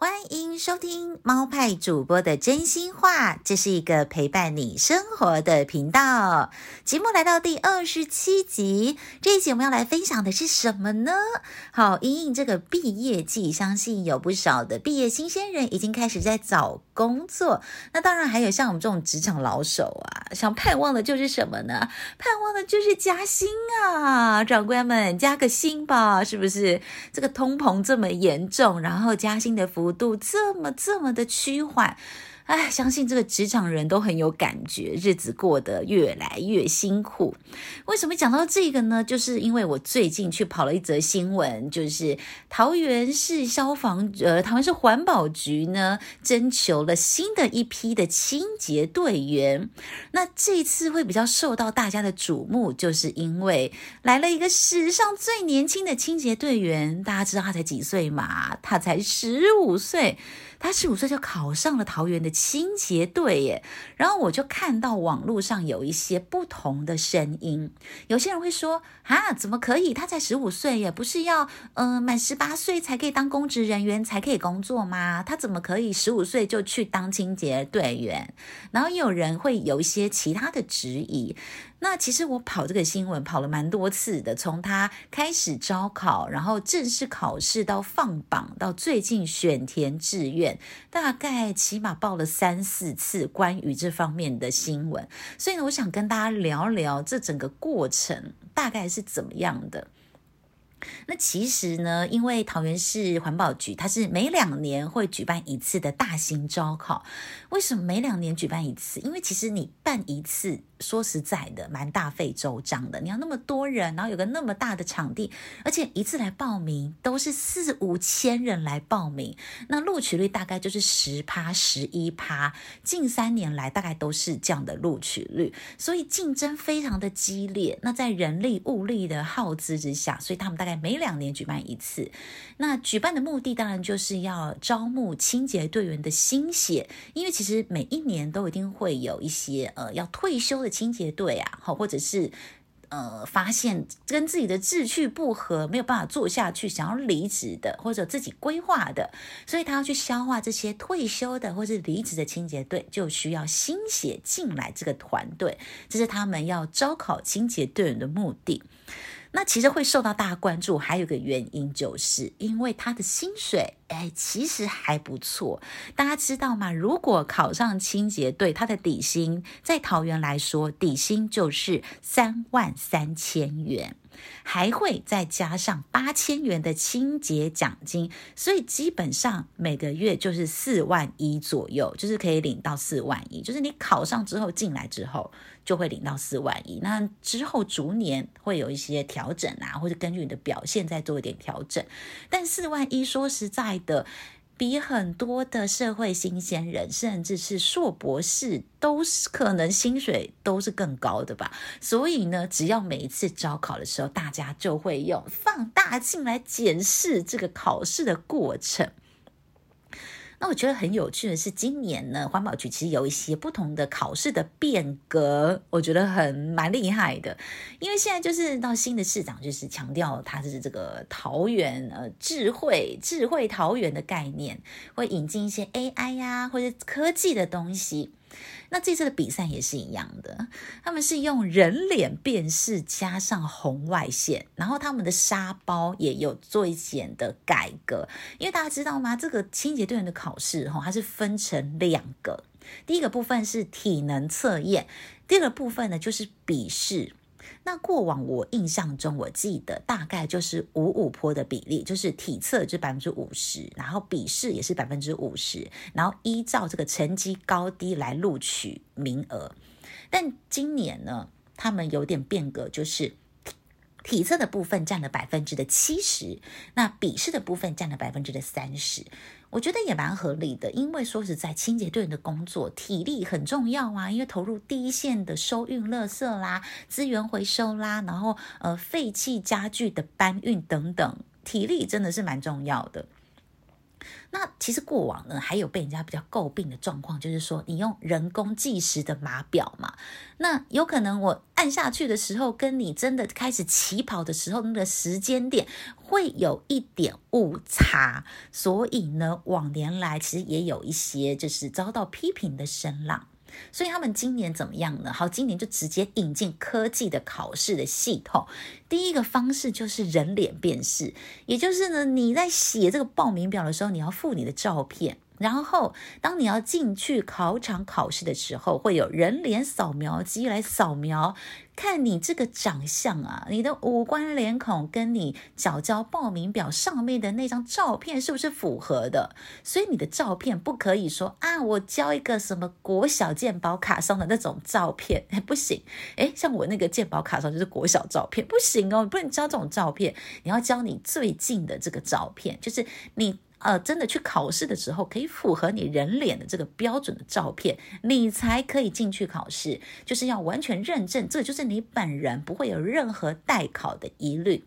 歡迎收聽貓派主播的真心話，這是一個陪伴你生活的頻道。節目來到第二十七集，這一集我們要來分享的是什麼呢？好，因應這個畢業季，相信有不少的畢業新鮮人已經開始在找。工作，那當然還有像我們這種職場老手啊，想盼望的就是什麼呢？盼望的就是加薪啊！長官們，加個薪吧，是不是？這個通膨這麼嚴重，然後加薪的幅度這麼這麼的趨緩。唉，相信這個職場人都很有感覺，日子過得越來越辛苦。為什麼講到這個呢？就是因為我最近去跑了一則新聞，就是桃園市消防呃，桃園市環保局呢，徵求了新的一批的清潔隊員。那這一次會比較受到大家的矚目，就是因為來了一個史上最年輕的清潔隊員。大家知道他才幾歲嘛？他才十五歲。他十五歲就考上了桃園的清潔隊耶，然後我就看到網絡上有一些不同的聲音，有些人會說啊，怎麼可以？他才十五歲耶，不是要嗯、呃、滿十八歲才可以當公職人員才可以工作嗎？他怎麼可以十五歲就去當清潔隊員？然後有人會有一些其他的質疑。那其實我跑這個新聞跑了蠻多次的，從他開始招考，然後正式考試到放榜，到最近選填志願。大概起碼報了三四次關於這方面的新聞，所以呢，我想跟大家聊聊這整個過程大概是怎麼樣的。那其實呢，因為桃園市環保局，它是每兩年會舉辦一次的大型招考。為什麼每兩年舉辦一次？因為其實你辦一次，說實在的，蠻大費周章的，你要那麼多人，然後有個那麼大的場地，而且一次來報名都是四五千人來報名，那錄取率大概就是十趴、十一趴。近三年來大概都是這樣的錄取率，所以競爭非常的激烈。那在人力物力的耗資之下，所以他們大。每兩年舉辦一次，那舉辦的目的當然就是要招募清潔隊員的新血，因為其實每一年都一定會有一些呃要退休的清潔隊啊，或者是呃發現跟自己的志趣不合，沒有辦法做下去，想要離職的，或者自己規劃的，所以他要去消化這些退休的或是離職的清潔隊，就需要新血進來這個團隊，這是他們要招考清潔隊員的目的。那其實會受到大家關注，還有一個原因，就是因為他的薪水，哎，其實還不錯。大家知道嗎？如果考上清潔隊，他的底薪在桃園來說，底薪就是三萬三千元。還會再加上八千元的清潔獎金，所以基本上每個月就是四萬一左右，就是可以領到四萬一。就是你考上之後進來之後就會領到四萬一，那之後逐年會有一些調整啊，或者根據你的表現再做一點調整。但四萬一說實在的。比很多的社會新鮮人，甚至是碩博士，都是可能薪水都是更高的吧。所以呢，只要每一次招考的時候，大家就會用放大鏡來檢視這個考試的過程。那我覺得很有趣的是，今年呢，環保局其實有一些不同的考試的變革，我覺得很蠻厲害的，因為現在就是到新的市長，就是強調他是這個桃園，呃、智慧智慧桃園的概念，會引進一些 AI 呀、啊、或者科技的東西。那這次的比賽也是一樣的，他們是用人臉辨識加上紅外線，然後他們的沙包也有最簡的改革，因為大家知道嗎？這個清潔隊員的考試，哈，它是分成兩個，第一個部分是體能測驗，第二個部分呢就是筆試。那過往我印象中，我記得大概就是五五波的比例，就是體測是百分之五十，然後筆試也是百分之五十，然後依照這個成績高低來錄取名額。但今年呢，他們有點變革，就是體測的部分佔了百分之的七十，那筆試的部分佔了百分之的三十。我覺得也蠻合理的，因為說實在，清潔隊員的工作體力很重要啊，因為投入第一線的收運垃圾啦、資源回收啦，然後呃廢棄家具的搬運等等，體力真的是蠻重要的。那其實過往呢，還有被人家比較詬病的狀況，就是說你用人工計時的碼表嘛，那有可能我按下去的時候，跟你真的開始起跑的時候，那個時間點會有一點誤差，所以呢，往年來其實也有一些就是遭到批評的聲浪。所以他們今年怎麼樣呢？好，今年就直接引進科技的考試的系統。第一個方式就是人臉辨識，也就是呢，你在寫這個報名表的時候，你要附你的照片。然後，當你要進去考場考試的時候，會有人臉掃描機來掃描，看你這個長相啊，你的五官臉孔跟你繳交報名表上面的那張照片是不是符合的？所以你的照片不可以說啊，我交一個什麼國小健保卡上的那種照片，不行。誒，像我那個健保卡上就是國小照片，不行哦，不能交這種照片，你要交你最近的這個照片，就是你。呃，真的去考試的時候，可以符合你人臉的這個標準的照片，你才可以進去考試。就是要完全認證，這就是你本人，不會有任何代考的疑慮。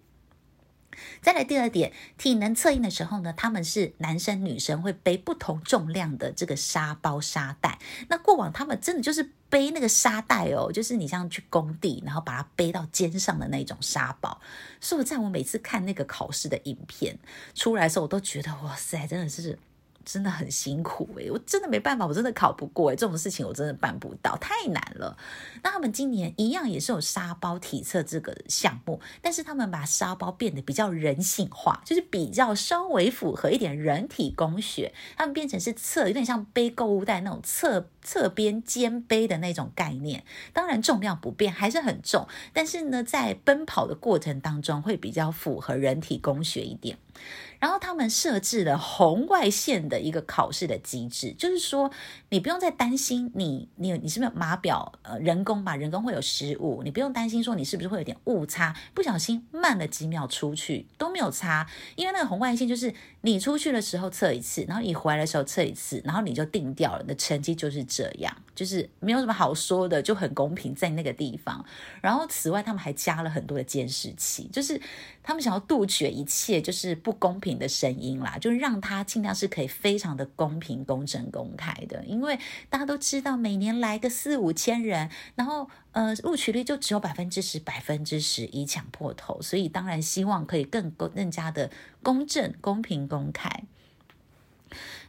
再來第二點，體能測驗的時候呢，他們是男生女生會背不同重量的這個沙包沙袋。那過往他們真的就是背那個沙袋哦，就是你像去工地，然後把它背到肩上的那種沙包。所以，我在我每次看那個考試的影片出來的時候，我都覺得，哇塞，真的是。真的很辛苦。欸、我真的沒辦法，我真的考不過。欸、這種事情我真的辦不到，太難了。那他們今年一樣也是有沙包體測這個項目，但是他們把沙包變得比較人性化，就是比較稍微符合一點人體工學。他們變成是側，有點像背購物袋那種側側邊肩背的那種概念。當然重量不變，還是很重，但是呢，在奔跑的過程當中會比較符合人體工學一點。然後他們設置了紅外線的一個考試的機制，就是說你不用再擔心你你有你是不是碼錶呃人工吧，人工會有失誤，你不用擔心說你是不是會有點誤差，不小心慢了幾秒出去都沒有差，因為那個紅外線就是你出去的時候測一次，然後你回來的時候測一次，然後你就定掉了，你的成績就是這樣，就是沒有什麼好說的，就很公平在那個地方。然後此外，他們還加了很多的監視器，就是。他們想要杜絕一切就是不公平的聲音啦，就讓他盡量是可以非常的公平、公正、公開的。因為大家都知道，每年來個四五千人，然後呃，錄取率就只有百分之十、百分之十一，搶破頭，所以當然希望可以更更加的公正、公平、公開。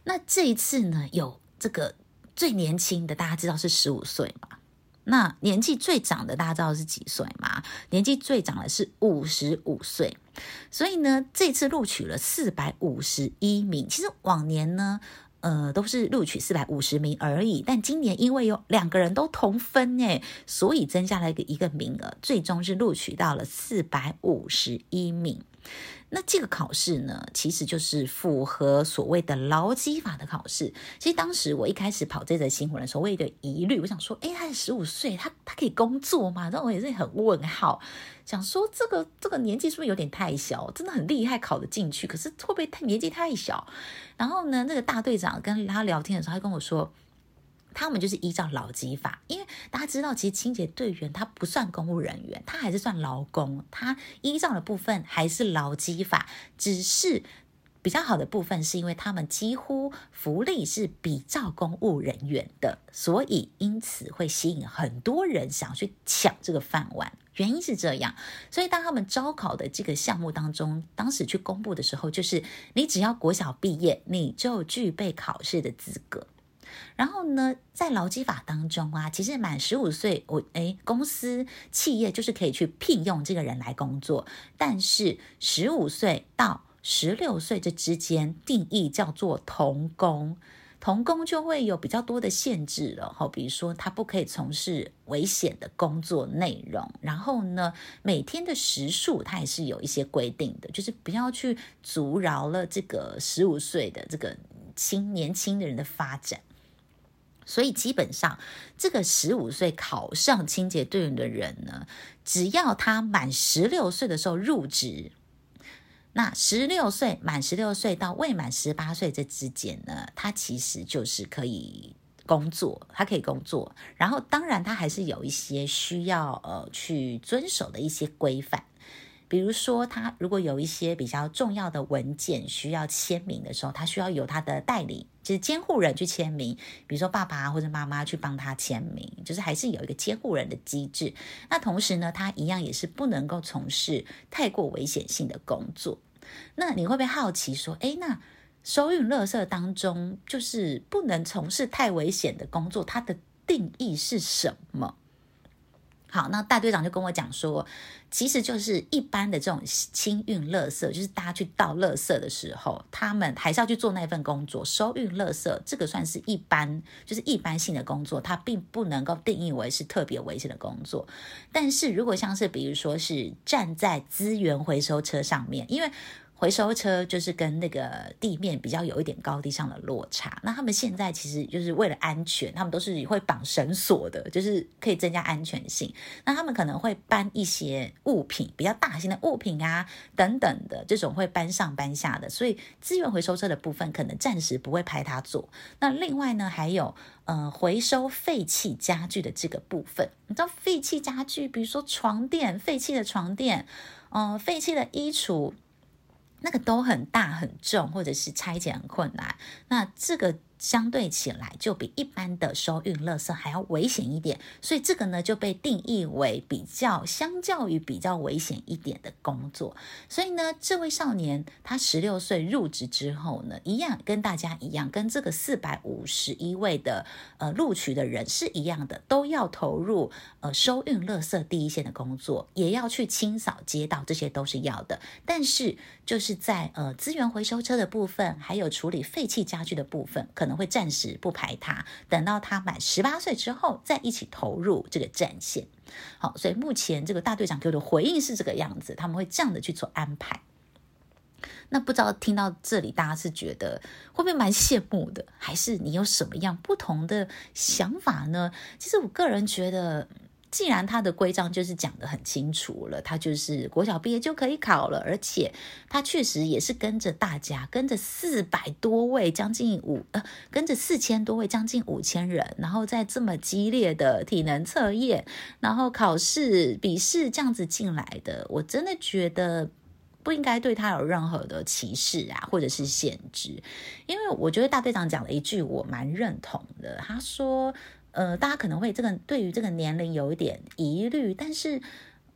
那這一次呢，有這個最年輕的，大家知道是十五歲嘛？那年紀最長的，大家知道是幾歲嗎？年紀最長的是五十五歲，所以呢，這次錄取了四百五十一名。其實往年呢，呃，都是錄取四百五十名而已，但今年因為有兩個人都同分哎，所以增加了一個一個名額，最終是錄取到了四百五十一名。那這個考試呢，其實就是符合所謂的勞基法的考試。其實當時我一開始跑這則新聞的時候，我有點疑慮，我想說，哎，他十五歲，他他可以工作嗎？讓我也是很問號，想說這個這個年紀是不是有點太小？真的很厲害，考得進去，可是會不會太年紀太小？然後呢，那個大隊長跟他聊天的時候，他跟我說。他們就是依照勞基法，因為大家知道，其實清潔隊員他不算公務人員，他還是算勞工，他依照的部分還是勞基法。只是比較好的部分是因為他們幾乎福利是比照公務人員的，所以因此會吸引很多人想要去搶這個飯碗。原因是這樣，所以當他們招考的這個項目當中，當時去公布的時候，就是你只要國小畢業，你就具備考試的資格。然後呢，在勞基法當中啊，其實滿十五歲，我哎，公司企業就是可以去聘用這個人來工作。但是十五歲到十六歲這之間，定義叫做童工，童工就會有比較多的限制了哈。比如說，他不可以從事危險的工作內容。然後呢，每天的時數他也是有一些規定的，就是不要去阻撓了這個十五歲的這個青年輕的人的發展。所以基本上，這個十五歲考上清潔隊員的人呢，只要他滿十六歲的時候入職，那十六歲滿十六歲到未滿十八歲這之間呢，他其實就是可以工作，他可以工作，然後當然他還是有一些需要呃去遵守的一些規範。比如說，他如果有一些比較重要的文件需要簽名的時候，他需要有他的代理，就是監護人去簽名，比如說爸爸或者媽媽去幫他簽名，就是還是有一個監護人的機制。那同時呢，他一樣也是不能夠從事太過危險性的工作。那你會不會好奇說，哎，那收運垃圾當中就是不能從事太危險的工作，它的定義是什麼？好，那大隊長就跟我講說，其實就是一般的這種清運垃圾，就是大家去倒垃圾的時候，他們還是要去做那份工作，收運垃圾，這個算是一般，就是一般性的工作，它並不能夠定義為是特別危險的工作。但是如果像是，比如說是站在資源回收車上面，因為。回收車就是跟那個地面比較有一點高低上的落差，那他們現在其實就是為了安全，他們都是會綁繩索的，就是可以增加安全性。那他們可能會搬一些物品，比較大型的物品啊等等的，這種會搬上搬下的，所以資源回收車的部分可能暫時不會派他做。那另外呢，還有呃回收廢棄家具的這個部分，你知道廢棄家具，比如說床墊、廢棄的床墊，嗯、呃，廢棄的衣櫥。那個都很大很重，或者是拆解很困難。那這個。相對起來就比一般的收運垃圾還要危險一點，所以這個呢就被定義為比較相較於比較危險一點的工作。所以呢，這位少年他十六歲入職之後呢，一樣跟大家一樣，跟這個四百五十一位的呃錄取的人是一樣的，都要投入呃收運垃圾第一線的工作，也要去清掃街道，這些都是要的。但是就是在呃資源回收車的部分，還有處理廢棄家具的部分，可能。會暫時不排他，等到他滿十八歲之後再一起投入這個戰線。好，所以目前這個大隊長給我的回應是這個樣子，他們會這樣的去做安排。那不知道聽到這裡，大家是覺得會不會蠻羨慕的，還是你有什麼樣不同的想法呢？其實我個人覺得。既然他的規章就是講得很清楚了，他就是國小畢業就可以考了，而且他確實也是跟着大家，跟着四百多位，將近五呃，跟着四千多位，將近五千人，然後在這麼激烈的體能測驗，然後考試筆試這樣子進來的，我真的覺得不應該對他有任何的歧視啊，或者是限制，因為我覺得大隊長講了一句我蠻認同的，他說，呃，大家可能會這個對於這個年齡有一點疑慮，但是，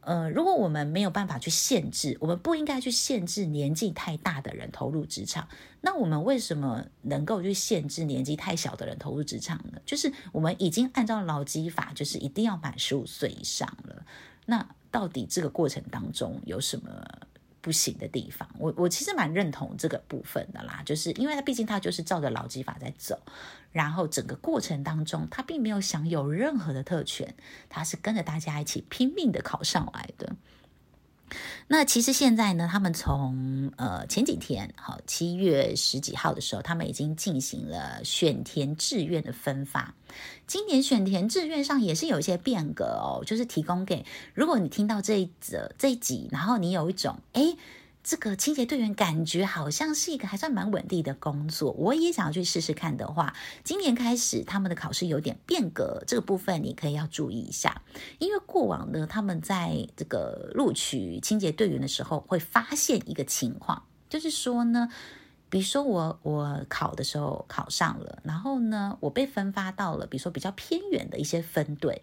呃，如果我們沒有辦法去限制，我們不應該去限制年紀太大的人投入職場。那我們為什麼能夠去限制年紀太小的人投入職場呢？就是我們已經按照勞基法，就是一定要滿十五歲以上了。那到底這個過程當中有什麼不行的地方，我我其實蠻認同這個部分的啦，就是因為他畢竟他就是照着勞基法在走，然後整個過程當中，他並沒有享有任何的特權，他是跟着大家一起拼命的考上來的。那其實現在呢，他們從呃前幾天，好、哦、七月十幾號的時候，他們已經進行了選填志願的分發。今年選填志願上也是有一些變革哦，就是提供給如果你聽到這一則這一集，然後你有一種哎。誒這個清潔隊員感覺好像是一個還算蠻穩定的工作，我也想要去試試看的話，今年開始他們的考試有點變革，這個部分你可以要注意一下，因為過往呢，他們在這個錄取清潔隊員的時候會發現一個情況，就是說呢，比如說我我考的時候考上了，然後呢，我被分發到了比如說比較偏遠的一些分隊。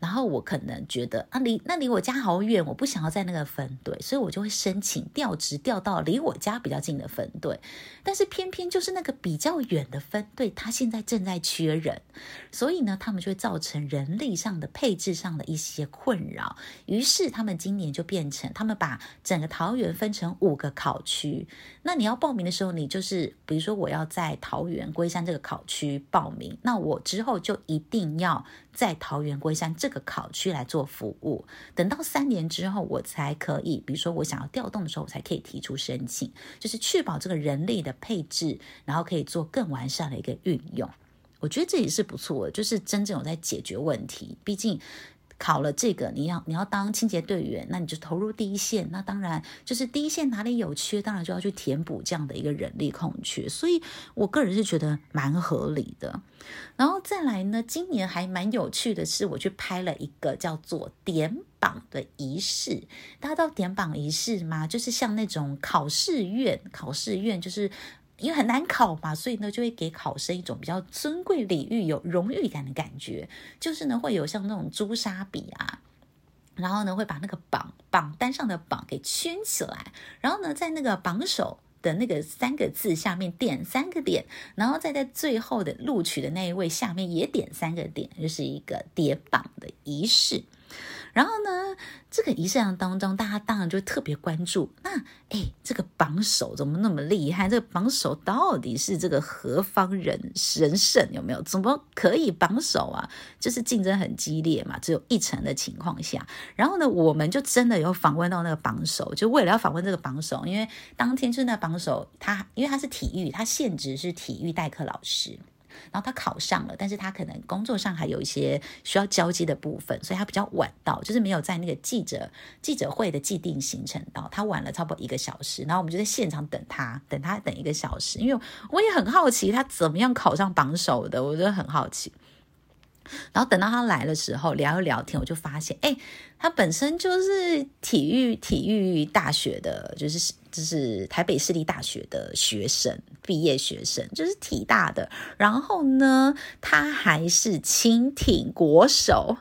然後我可能覺得啊，離那離我家好遠，我不想要在那個分隊，所以我就會申請調職，調到離我家比較近的分隊。但是偏偏就是那個比較遠的分隊，他現在正在缺人，所以呢，他們就會造成人力上的配置上的一些困擾。於是他們今年就變成，他們把整個桃園分成五個考區。那你要報名的時候，你就是比如說我要在桃園龜山這個考區報名，那我之後就一定要。在桃園龜山這個考區來做服務，等到三年之後，我才可以，比如說我想要調動的時候，我才可以提出申請，就是確保這個人力的配置，然後可以做更完善的一個運用。我覺得這也是不錯的，就是真正有在解決問題。畢竟。考了這個，你要你要當清潔隊員，那你就投入第一線。那當然就是第一線哪裡有缺，當然就要去填補這樣的一個人力空缺。所以我個人是覺得蠻合理的。然後再來呢，今年還蠻有趣的是，我去拍了一個叫做點榜的儀式。大家知道點榜儀式嗎？就是像那種考試院，考試院就是。因為很難考嘛，所以呢就會給考生一種比較尊貴、禮遇、有榮譽感的感覺。就是呢會有像那種朱砂筆啊，然後呢會把那個榜榜單上的榜給圈起來，然後呢在那個榜首的那個三個字下面點三個點，然後再在最後的錄取的那一位下面也點三個點，就是一個疊榜的儀式。然後呢，這個儀式當中，大家當然就會特別關注。那哎，這個榜首怎麼那麼厲害？這個榜首到底是這個何方人神聖？有沒有？怎麼可以榜首啊？就是競爭很激烈嘛，只有一成的情況下。然後呢，我們就真的有訪問到那個榜首。就為了要訪問這個榜首，因為當天就是那榜首，他因為他是體育，他現職是體育代課老師。然後他考上了，但是他可能工作上還有一些需要交接的部分，所以他比較晚到，就是沒有在那個記者記者會的既定行程到，他晚了差不多一個小時。然後我們就在現場等他，等他等一個小時，因為我也很好奇他怎麼樣考上榜首的，我就很好奇。然後等到他來的時候，聊一聊天，我就發現，哎，他本身就是體育體育大學的，就是。就是台北市立大學的學生，畢業學生就是體大的，然後呢，他還是輕艇國手。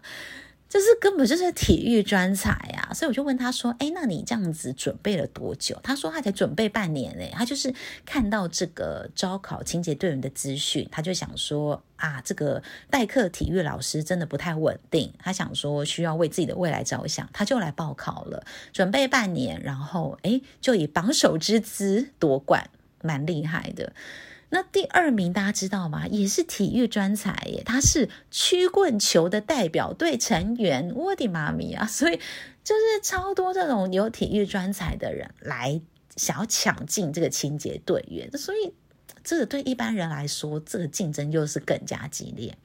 就是根本就是體育專才啊，所以我就問他說：“哎，那你這樣子準備了多久？”他說：“他才準備半年耶，他就是看到這個招考清潔隊員的資訊，他就想說啊，這個代課體育老師真的不太穩定，他想說需要為自己的未來着想，他就來報考了，準備半年，然後哎，就以榜首之姿奪冠，蠻厲害的。”那第二名大家知道嗎？也是體育專才耶，他是曲棍球的代表隊成員。我的媽咪啊！所以就是超多這種有體育專才的人來想要搶進這個清潔隊員，所以這個對一般人來說，這個競爭又是更加激烈。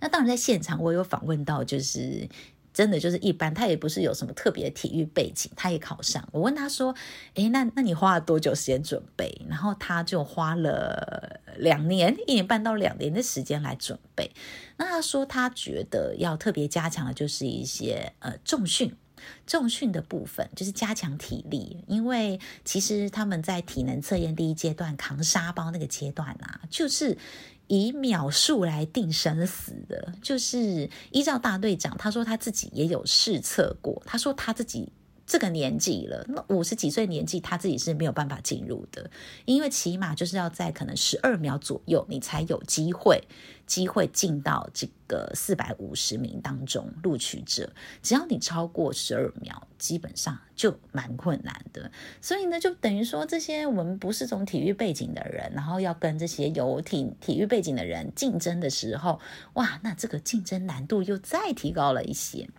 那當然，在現場我有訪問到，就是。真的就是一般，他也不是有什麼特別的體育背景，他也考上。我問他說：“哎，那那你花了多久時間準備？”然後他就花了兩年，一年半到兩年的時間來準備。那他說他覺得要特別加強的就是一些呃重訓。重訓的部分就是加強體力，因為其實他們在體能測驗第一階段扛沙包那個階段啊，就是以秒數來定生死的。就是依照大隊長，他說他自己也有試測過，他說他自己。這個年紀了，那五十幾歲年紀他自己是沒有辦法進入的，因為起碼就是要在可能十二秒左右，你才有機會，機會進到這個四百五十名當中錄取者。只要你超過十二秒，基本上就蠻困難的。所以呢，就等於說，這些我們不是從體育背景的人，然後要跟這些有體、體育背景的人競爭的時候，哇，那這個競爭難度又再提高了一些。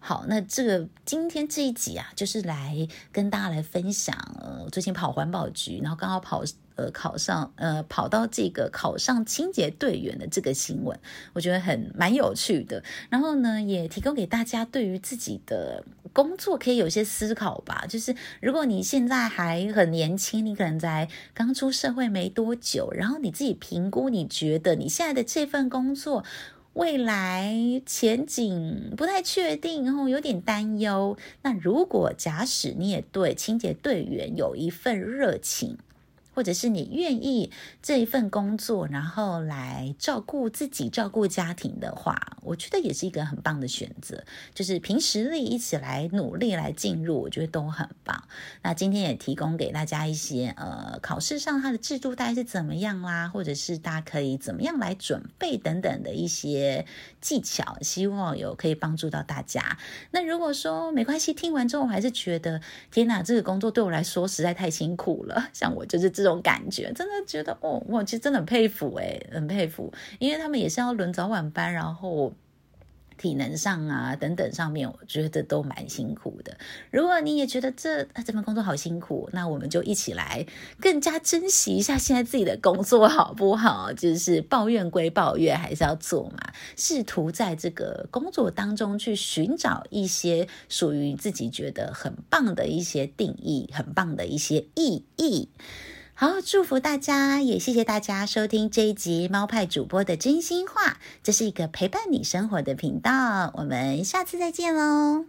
好，那這個今天這一集啊，就是來跟大家來分享，呃，最近跑環保局，然後剛好跑，呃，考上，呃，跑到這個考上清潔隊員的這個新聞，我覺得很蠻有趣的。然後呢，也提供給大家對於自己的工作可以有些思考吧。就是如果你現在還很年輕，你可能在剛出社會沒多久，然後你自己評估，你覺得你現在的這份工作，未來前景不太確定，然後有點擔憂。那如果假使你也對清潔隊員有一份熱情。或者是你願意這一份工作，然後來照顧自己、照顧家庭的話，我覺得也是一個很棒的選擇。就是憑實力一起來努力來進入，我覺得都很棒。那今天也提供給大家一些，呃，考試上它的制度大概是怎麼樣啦，或者是大家可以怎麼樣來準備等等的一些技巧，希望有可以幫助到大家。那如果說沒關係，聽完之後我還是覺得天哪，這個工作對我來說實在太辛苦了。像我就是這。這種感覺真的覺得哦，我其實真的很佩服誒，很佩服，因為他們也是要輪早晚班，然後體能上啊等等上面，我覺得都蠻辛苦的。如果你也覺得這這份工作好辛苦，那我們就一起來更加珍惜一下現在自己的工作好不好？就是抱怨歸抱怨，還是要做嘛，試圖在這個工作當中去尋找一些屬於自己覺得很棒的一些定義，很棒的一些意義。好，祝福大家，也謝謝大家收聽這一集《貓派主播的真心話》。這是一個陪伴你生活的頻道，我們下次再見嘍。